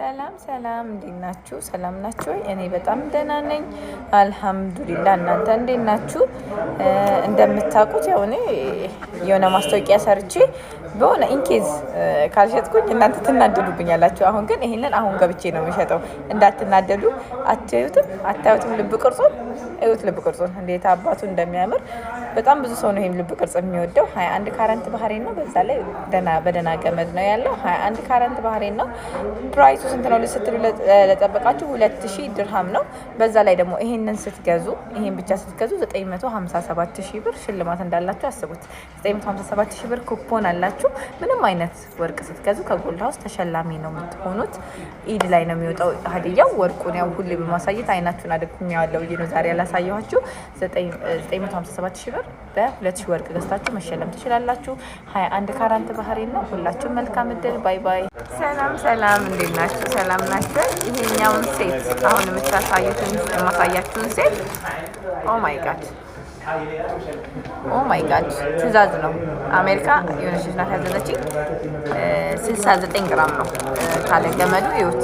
ሰላም ሰላም፣ እንዴት ናችሁ? ሰላም ናችሁ? እኔ በጣም ደህና ነኝ አልሐምዱሊላ። እናንተ እንዴት ናችሁ? እንደምታውቁት ያው እኔ የሆነ ማስታወቂያ ሰርቼ በሆነ ኢንኬዝ ካልሸጥኩኝ እናንተ ትናደዱብኛላችሁ። አሁን ግን ይህንን አሁን ገብቼ ነው የሚሸጠው። እንዳትናደዱ። አታዩትም? አታዩትም? ልብ ቅርጹን እዩት። ልብ ቅርጹን እንዴት አባቱ እንደሚያምር በጣም ብዙ ሰው ነው ይህም ልብ ቅርጽ የሚወደው። ሀያ አንድ ካረንት ባህሬ ነው። በዛ ላይ በደህና ገመድ ነው ያለው። ሀያ አንድ ካረንት ባህሬ ነው። ፕራይሱ ስንት ነው ስትሉ ለጠበቃችሁ ሁለት ሺህ ድርሃም ነው። በዛ ላይ ደግሞ ይሄንን ስትገዙ ይሄን ብቻ ስትገዙ ዘጠኝ መቶ ሀምሳ ሰባት ሺህ ብር ሽልማት እንዳላችሁ አስቡት። 957 ሺህ ብር ኩፖን አላችሁ። ምንም አይነት ወርቅ ስትገዙ ከጎልድ ሀውስ ተሸላሚ ነው የምትሆኑት። ኢድ ላይ ነው የሚወጣው ሀዲያው። ወርቁን ያው ሁሌ በማሳየት አይናችሁን አደኩሚያዋለው ብዬ ነው ዛሬ ያላሳየኋችሁ። 957 ሺ ብር በ2000 ወርቅ ገዝታችሁ መሸለም ትችላላችሁ። 21 ካራንት ባህሪ ነው። ሁላችሁም መልካም እድል። ባይ ባይ። ሰላም ሰላም፣ እንዴት ናችሁ? ሰላም ናቸው። ይሄኛውን ሴት አሁን የምታሳዩትን የማሳያችሁን ሴት ኦ ማይ ጋድ ኦ ማይ ጋድ ትእዛዝ ነው። አሜሪካ የሆነች ናት ያዘዘችኝ። ስልሳ ግራም ነው ካለ ገመዱ ይወት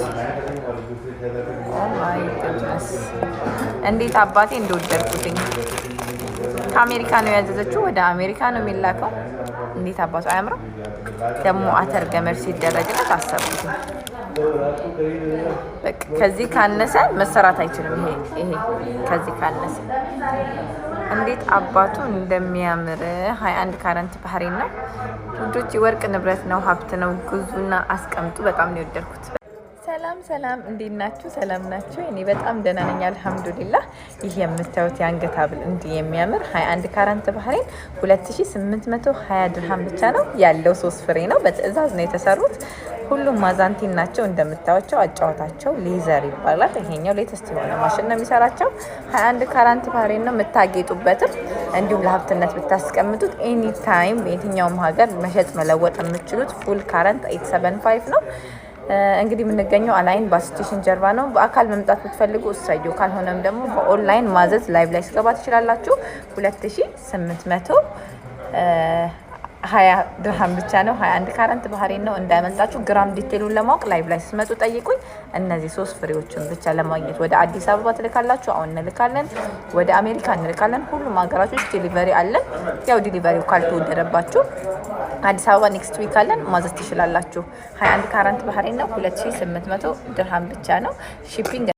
ኦ ማይ ጎድነስ እንዴት አባቴ እንደወደድኩትኝ አሜሪካ ነው ያዘዘችው። ወደ አሜሪካ ነው የሚላከው። እንዴት አባቱ አያምረው! ደግሞ አተር ገመድ ሲደረግለት አሰቡት። ከዚህ ካነሰ መሰራት አይችልም። ይሄ ይሄ ከዚህ ካነሰ እንዴት አባቱ እንደሚያምር 21 ካረንት ባህሬን ነው ውዶች። የወርቅ ንብረት ነው፣ ሀብት ነው። ግዙና አስቀምጡ። በጣም ነው የወደድኩት። ሰላም ሰላም፣ እንዴት ናችሁ? ሰላም ናችሁ? እኔ በጣም ደህና ነኝ አልሐምዱሊላህ። ይህ የምታዩት የአንገት ሀብል እንዲህ የሚያምር 21 ካራንት ባህሬን 2820 ድርሃም ብቻ ነው ያለው። ሶስት ፍሬ ነው፣ በትዕዛዝ ነው የተሰሩት። ሁሉም ማዛንቲን ናቸው እንደምታዩቸው። አጫወታቸው ሌዘር ይባላል። ይሄኛው ሌተስት የሆነ ማሽን ነው የሚሰራቸው። 21 ካራንት ባህሬን ነው የምታጌጡበትም፣ እንዲሁም ለሀብትነት ብታስቀምጡት ኤኒ ታይም የትኛውም ሀገር መሸጥ መለወጥ የምችሉት ፉል ካረንት 875 ነው። እንግዲህ የምንገኘው አላይን ባስ ስቴሽን ጀርባ ነው። በአካል መምጣት ብትፈልጉ እሰየው፣ ካልሆነም ደግሞ በኦንላይን ማዘዝ ላይቭ ላይ ስገባ ትችላላችሁ። 2800 ሀያ ድርሃም ብቻ ነው። ሀያ አንድ ካረንት ባህሬን ነው። እንዳያመልጣችሁ። ግራም ዲቴሉን ለማወቅ ላይቭ ላይ ስትመጡ ጠይቁኝ። እነዚህ ሶስት ፍሬዎችን ብቻ ለማግኘት ወደ አዲስ አበባ ትልካላችሁ። አሁን እንልካለን፣ ወደ አሜሪካ እንልካለን። ሁሉም ሀገራቶች ዲሊቨሪ አለን። ያው ዲሊቨሪው ካልተወደደባችሁ አዲስ አበባ ኔክስት ዊክ አለን፣ ማዘዝ ትችላላችሁ። ሀያ አንድ ካረንት ባህሬን ነው። መቶ ድርሃም ብቻ ነው ሺፒንግ